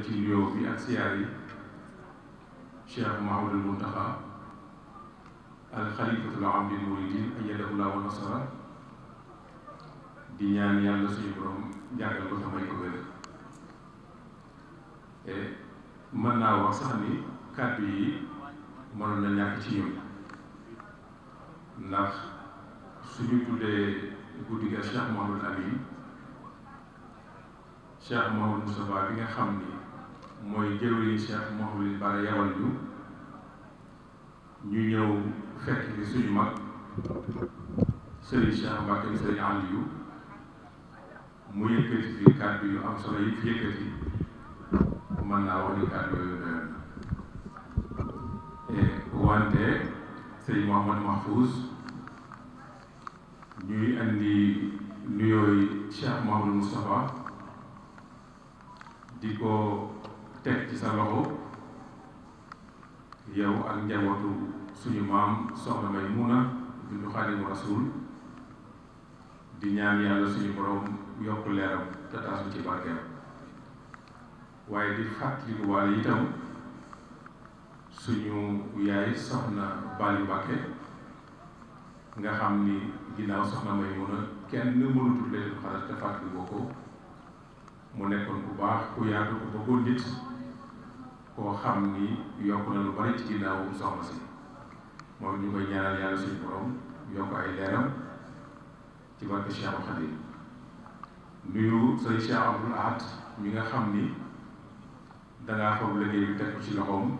jiital ci nuyoo bi ak siyaar yi Cheikh Mouhamadoul Mountakha al xalifatul am lil muridin ayyadahu llahu wa nasara di ñaan yàlla suñu borom jàngal ko ko e sax ni kàddu yi na ñàkk ci ñun ndax suñu tuddee guddi ga Cheikh Mouhamadoul Amin Cheikh Mouhamadoul Moustapha bi xam ni mooy jëwriñ Cheikh Mouhamadou Bara yawal ñu ñu ñëw fekk fi suñu mag Serigne Cheikh Mbacke Serigne Aliou mu yëkkati fi kàddu yu am solo yi fi yëkkati mën naa wax ni yooyu doyoon eh, wante Serigne Mouhamadou Mahfouz ñuy andi nuyooy Cheikh Mouhamadou Moustapha di ko teg ci sa loxo yow ak njabootu suñu maam soxna Maymuna bintu Xaadimu Rasuul di ñaan yàlla suñu borom yokk leeram te taasu ci barkeem waaye di fàttalikuwaale itam suñu yaay soxna Bali Mbàkke nga xam ni ginnaaw soxna Maymuna kenn mënutul leen xalaat te fàttalikoo ko mu nekkoon ku baax ku yaatu ku bëggoon nit koo xam ni yokk na lu bari ci ginnaawu soxna si moom ñu koy ñaanal yàlla suñu borom yokk ay leeram ci barke Cheikh Khadim nuyu sëriñ Cheikh Abdoul Ahad mi nga xam ni dangaa xool liggéey bi ci loxoom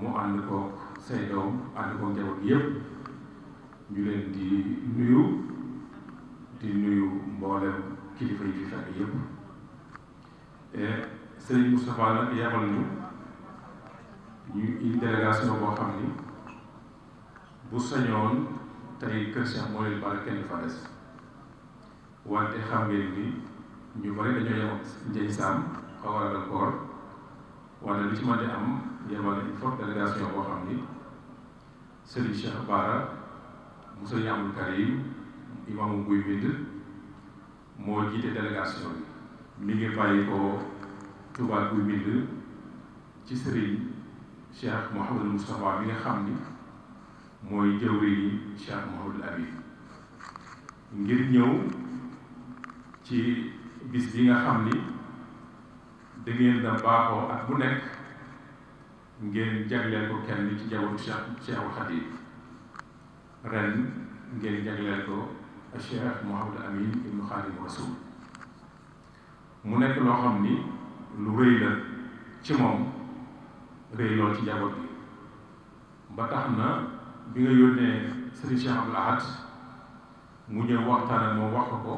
mu ànd ko say doom ànd ko njaboot yépp ñu leen di nuyu di nuyu mboolem kilifa yi fi fekk yépp eh, Serigne Moustapha nag yebal ñu ñu une délégation boo xam ni bu sañoon tey kër Cheikh moo leen kenn fa des wante xam ngeen ni ñu bari dañoo yemoon njëy saam xaw a dal koor lu ci mën di am yebal une forte délégation boo xam ni Serigne Cheikh Bara mu Serigne Karim imaamu buy bind moo jiite délégation bi mi bàyyi ko tubaab bu bind ci sëriñ Cheikh Mouhamadou Moustapha bi nga xam ni mooy jëwriñi Cheikh Mouhamadou Habib ngir ñëw ci bis bi nga xam ni dangeen da baaxoo ak bu nekk ngeen jagleel ko kenn ci jabootu Cheikh Cheikhul Khadim ren ngeen jagleel ko Cheikh Mouhamadou Amine ibnu Khadim Rasoul mu nekk loo xam ni lu rëy la ci moom rëy lool ci njaboot bi ba tax na bi nga yónnee Serigne Cheikh Abdoul mu ñëw waxtaan moom wax ko ko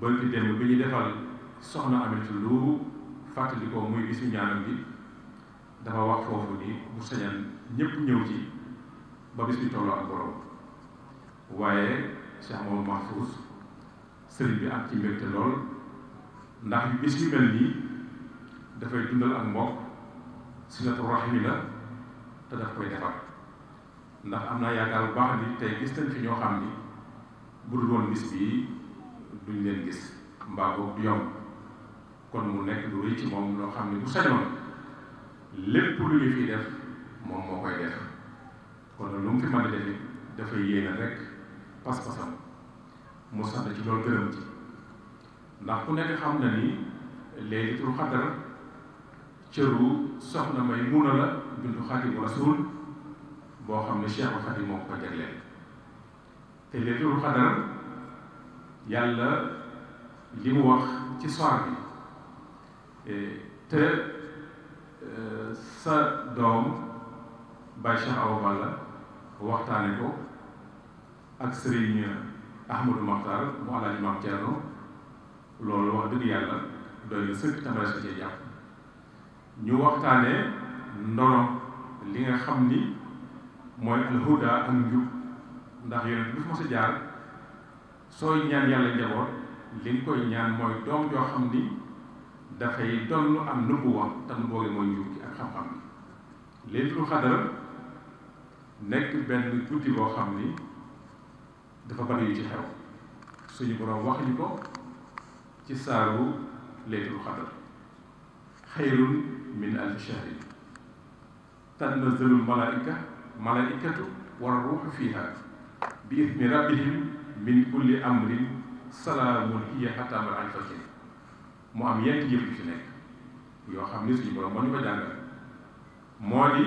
bërki démb bi ñu defal soxna Aminata lu fàttali ko muy bisu bi dafa wax foofu ni bu sañan ñëpp ñëw ci ba bis bi tolloo ak borom waaye Cheikh Mamadou Mahfouz sëriñ bi ak ci mbégte lool ndax yu bis yu mel nii dafay dundal ak mbokk silatu rahim la te daf koy defar ndax am naa yaakaar bu baax ni tey gis nañ fi ñoo xam ni bu dul woon bis bii duñ leen gis mbaa boobu yomb kon mu nekk lu rëy moom loo xam ne bu sañoon lépp lu ñu fiy def moom lu mu loolu gërëm ci ndax ku nekk xam na ni laylatul xadar cëru soxna may muna la bintu xaatimu rasul boo xam ne Cheikhul Xadim moo ko jagleel te laylatul xadar yàlla li mu wax ci soir bi eh, te eh, sa doom Baye Cheikh Awa Balla waxtaane ko ak Serigne Ahmadou Makhtar mu Alaaji Maam Thierno loolu wax dëgg yàlla doy na sëkk tamit jàpp ñu waxtaanee ndono li nga xam ni mooy alhuda ak njub ndax yonent bi fu ma sa jaar sooy ñaan yàlla njaboot li nga koy ñaan mooy doom joo xam ni dafay doon lu am nubuwa te nubuwa gi mooy njub gi ak xam-xam bi Laylatul Qadr nekk benn guddi boo xam ni dafa bari yu ci xew suñu borom wax ñu ko ci saaru laylatul xadar xayrun min alfi shahrin tanazzalul malaika malaikatu war ruuxu fiiha bi idni rabbihim min kulli amrin salaamun hiya xataa matal fajri mu am yenn yëpp yu ci nekk yoo xam ne suñu borom moo ñu ko jàngal moo di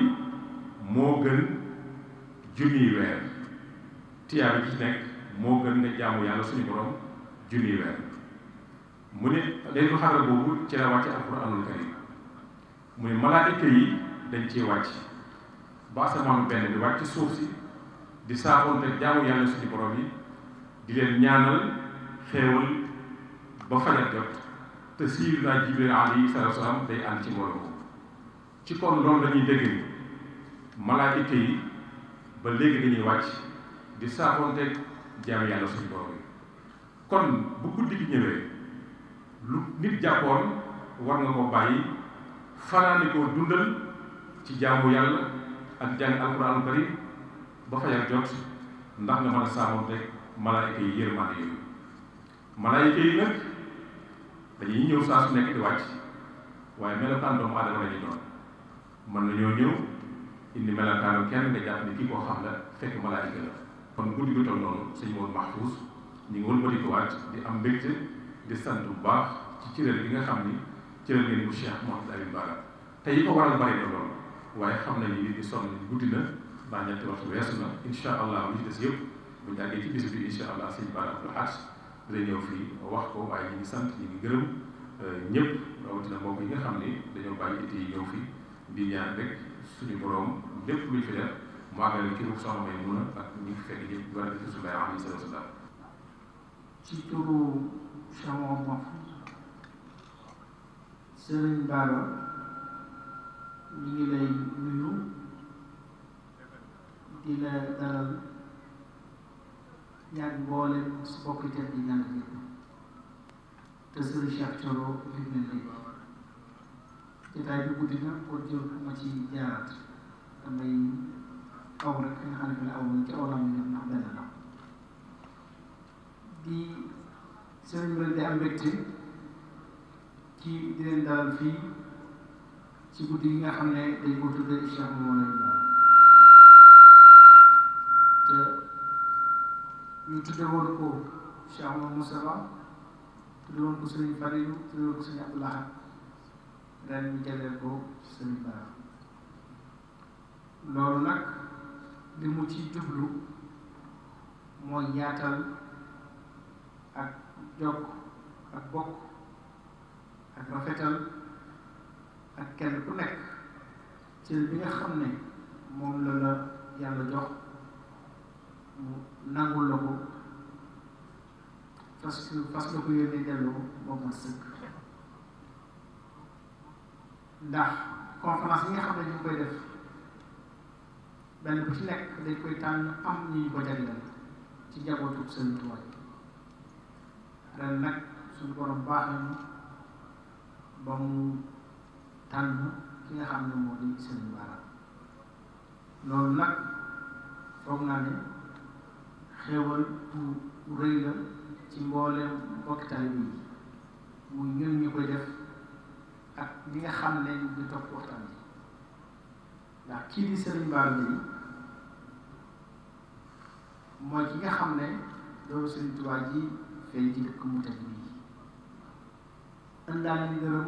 moo gën junniy weer tiyaar bi ci nekk moo gën nga jaamu yàlla suñu borom junniy weer mu ne laylu xadar boobu ci la wàcce alquranul karim mu ne malaayika yi dañ ciy wàcc ba asamaan benn bi wàcc suuf si di saafoonte jaamu yàlla suñu borom yi di leen ñaanal xéewal ba fajar jot te sayyidina Jibril alayhi salaatu wa salaam day ànd ci mbooloo ci kon loolu dañuy dégg ni malaayika yi ba léegi dañuy wàcc di saafoonte jaamu yàlla suñu borom yi kon bu guddi gi ñëwee lu nit jàppoon war nga ko bàyyi fanaane koo dundal ci jaamu yàlla ak jàng alquran karim ba fajar jot ndax nga mën a saamoon rek malaayika yi yërmaane yooyu malaayika yi nag dañuy ñëw mën nañoo ñëw indi melokaanu kenn nga jàpp ni kii koo xam la fekk malaayika la kon guddi gu toll noonu sëñ Maodo Mahfouz ñu ngi wëlbatikuwaat di am mbégte di sant bu baax ci cëral bi nga xam ni cëral ngeen bu Cheikh Mouhamed Alioune Bara te yi ko waral bari na lool waaye xam nañu ni di sonn guddi na ba ñetti waxtu weesu na incha allah li ci des yëpp bu ñu àggee ci bis bi incha allah sëñ Bara Abdou Lahad dina ñëw fii wax ko waaye ñu ngi sant ñu ngi gërëm euh, ñëpp rawatina mbokk yi nga xam ni dañoo bàyyi itti yi ñëw fii di ñaan rek suñu borom lépp luñ fi def mu àggale ci ruux soxna may mun a ak ñi fi fekk ñëpp war a def ci suñu bay am sallallahu alayhi wa sallam ci turu sama bopp Sëriñ Bara ñu ngi lay nuyu di la dalal yaag mboolem su bokki te di ñaan yëpp te Sëriñ Cheikh Thioro li mel ni jotaay bi guddi na ko jël ma ci jaaraat damay aw rek nga xam ne aw ci aw la ñu ndax benn la di sëriñ bi di am mbégte ci di leen fii ci guddi yi nga xam ne dañ ko tuddee Cheikh Mawlana te ñu tudde woon ko Cheikh Mawlana woon ko sëriñ Farilu tudde woon ko sëriñ Abdou Lahad ren ñu ko sëriñ Bara loolu nag li mu ci jublu mooy yaatal ak jokk ak bokk ak rafetal ak kenn ku nekk ci bi nga xam ne moom la la yàlla jox mu nangul la ko fas fas la ko yónnee delloo moom ma sëkk ndax conférence yi nga xam ne ñu ngi koy def benn bu ci nekk dañ koy tànn am ñu ñu ko jagleel ci njabootu Sëriñ Tuubaa ren nag suñu borom baax nañu ba mu tànn ki nga xam ne moo di Sëriñ Bara loolu nag foog naa ne xéewal bu rëy la ci mbooleem mbokkitaay bi muy ñun ñu koy def ak ñi nga xam ne ñu ngi topp waxtaan bi ndax kii di Sëriñ Bara bi mooy ki nga xam ne doomu Sëriñ Tuubaa ji tey ci ku mu tedd bi ëndaal yi gërëm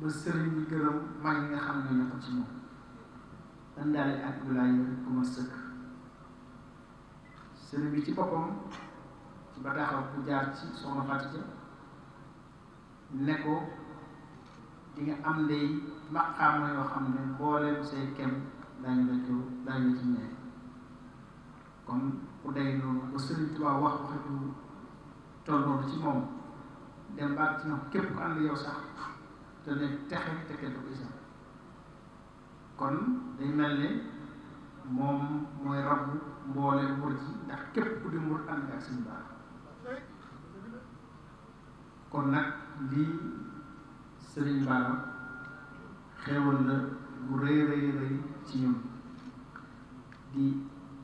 ba sëriñ yi gërëm mag yi nga xam ne ñoo ko ci moom ëndaal yi ak wilaay yi ku ma sëkk sëriñ bi ci boppam ci bataaxal bu jaar ci soxna Fatou ne ko di nga am ndey maqaama yoo xam ne mbooleem say kem daañu la ci daañu la ci kon ku day noonu ba sëriñ Tuubaa wax waxi tool boobu ci moom dem baag ci ñoom képp ku yow sax te ne texe te kenn du ko kon day mel ne moom mooy rabu mboole mur ndax képp ku di mur ànd nga ak suñu baax kon nag lii sëriñ Bara xéewal la bu rëy rëy rëy ci ñun di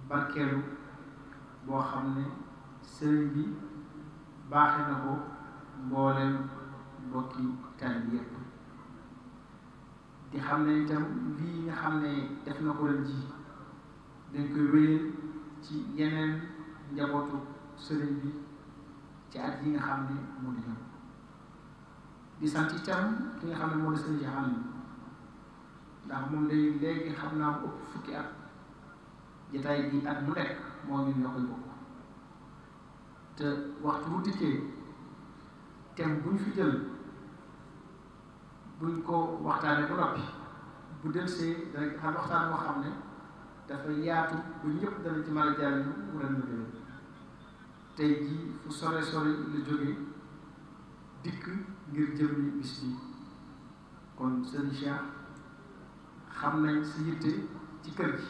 barkeelu boo xam ne sëriñ bi baaxe na ko mboolem mbokki talib yépp di xam ne itam bii nga xam ne def na ko leen ji dañ koy wéyal ci yeneen njabootu sëriñ bi ci at yi nga xam ne mu di ñëw di sant itam ki nga xam ne moo di sëriñ xam ne ndax moom day léegi xam naa ko ëpp fukki at jataay bi at mu nekk moo ñu ñoo koy bokk te waxtu bu dikkee thème buñ fi jël buñ ko waxtaanee ba noppi bu del see dana xam moo xam ne dafa yaatu ba ñëpp danañ ci mën a jariñu mu ren na tey jii fu sore sore la jógee dikk ngir jëmli bis bi kon sëriñ Cheikh xam nañ si yitte ci kër gi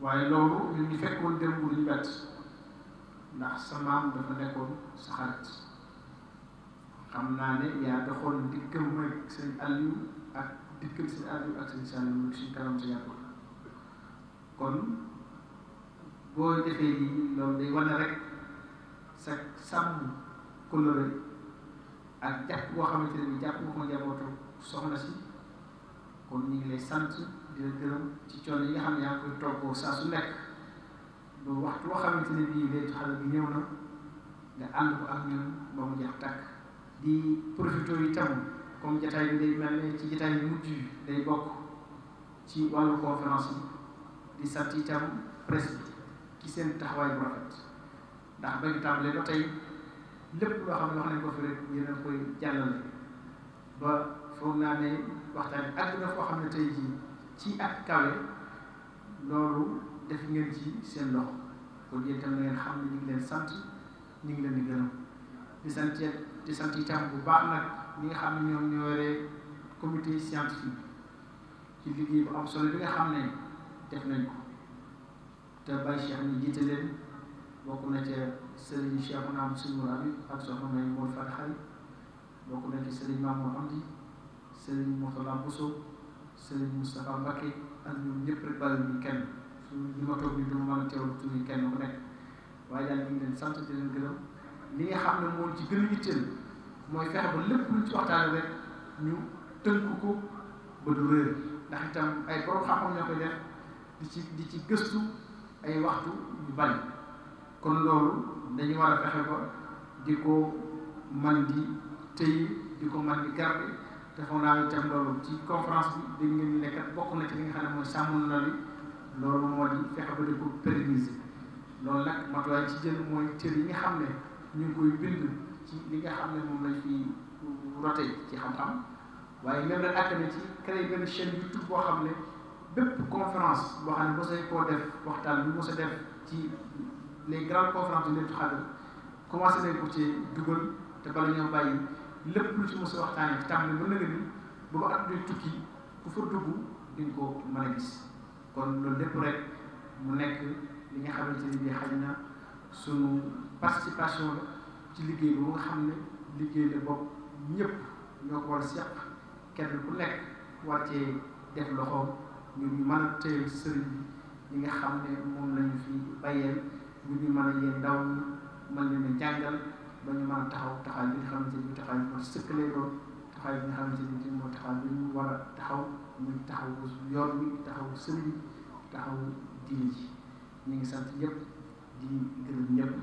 waaye loolu ñun ñu fekkoon démb bu ñu bett ndax sa maam dafa nekkoon sa xarit xam naa ne yaa doxoon diggam mooy seen Aliou ak diggam seen Aliou ak seen Saliou ak seen kanam sa yàggul kon boo defee lii loolu day wane rek sa sàmm coloré ak jàpp boo xamante ne jàpp nga ko njabootu soxna si kon ñu ngi lay sant di la gërëm ci coono yi nga xam ne yaa ngi koy toggoo saa su nekk. ba waxtu boo xamante ne bii léegi bi ñëw na nga ànd ko ak ñun ba yi tam comme jataay bi day mel ci jataay yi day bokk ci wàllu conférence yi di sant itam presse bi ci seen taxawaay bu rafet ndax tey lépp loo xam ne wax nañ ko fi rek yéen koy jàllale ba foog naa ne waxtaan ak dina foo xam ne tey jii ci ak kawe loolu def ngeen ci seen loxo kon yéen tam na leen xam ni ñu ngi leen sant ñu ngi leen di gërëm di sant di sant itam bu baax nag ñi nga xam ne ñoom ñoo yore comité scientifique ci liggéey bu am solo bi nga xam ne def nañ ko te Baye Cheikh ñu jiite leen bokk na ca Serigne Cheikh Naam Simour Ami ak soxna May Mor Fat Xari bokk na ca Serigne Mamour Amdi Serigne Mourtala Bousso Serigne Moustapha Mbacké ak ñoom ñëpp rek bàyyi ñu kenn li ma toog nii du ma mën a teewlu tuuti kenn ku nekk waaye daal ñu ngi leen sant di leen gërëm li nga xam ne moom ci gën a yitteel mooy fexe ba lépp luñ ci waxtaanee rek ñu tënk ko ba du réer ndax itam ay borom xam-xam ñoo koy def di ci gëstu ay waxtu yu bari kon loolu dañu war a fexe ba di ko man di tëy di ko man di garder te foog naa itam loolu ci conférence bi dégg ngeen ni nekkat bokk na ci li nga xam ne mooy sàmm na li loolu moo di fexe ba di ko pérenniser loolu nag matuwaay ci jël mooy tër yi nga xam ne ñu ngi koy bind ci li nga xam ne moom lañ fi rote ci xam-xam waaye même nag àgg na ci créé benn chaîne YouTube boo xam ne bépp conférence boo xam ne mos a koo def waxtaan bi mos a def ci les grandes conférences yu nekk xadal commencé nañ ko ci dugal te bala ñoo bàyyi lépp lu ci mos a waxtaanee tàmbali ba nëgë ni ba ba at tukki ku fa dugg di ko mën a gis. kon loolu lépp rek mu nekk li nga xamante ni bii xaj na sunu participation la ci liggéey bu nga xam ne liggéey la bopp ñëpp ñoo ko war a seq kenn ku nekk war cee def loxoom ñu mën a téye sëriñ bi li nga xam ne moom lañu fi bàyyeel ñu ñu mën a yee ndaw mën leen a jàngal ba ñu mën a taxaw taxaw bi nga xamante ni bii taxaw ñu ko sëkkalee doon taxaw bi nga xamante ni bii mooy taxaw bi ñu war a taxaw muy taxawu yoon bi taxawu sëriñ bi taxawu diine ji ñu ngi sant ñëpp di gërëm ñëpp.